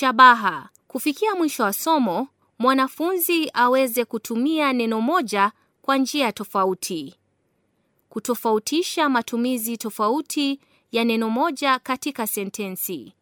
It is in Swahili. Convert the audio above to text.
Shabaha: kufikia mwisho wa somo, mwanafunzi aweze kutumia neno moja kwa njia tofauti. Kutofautisha matumizi tofauti ya neno moja katika sentensi.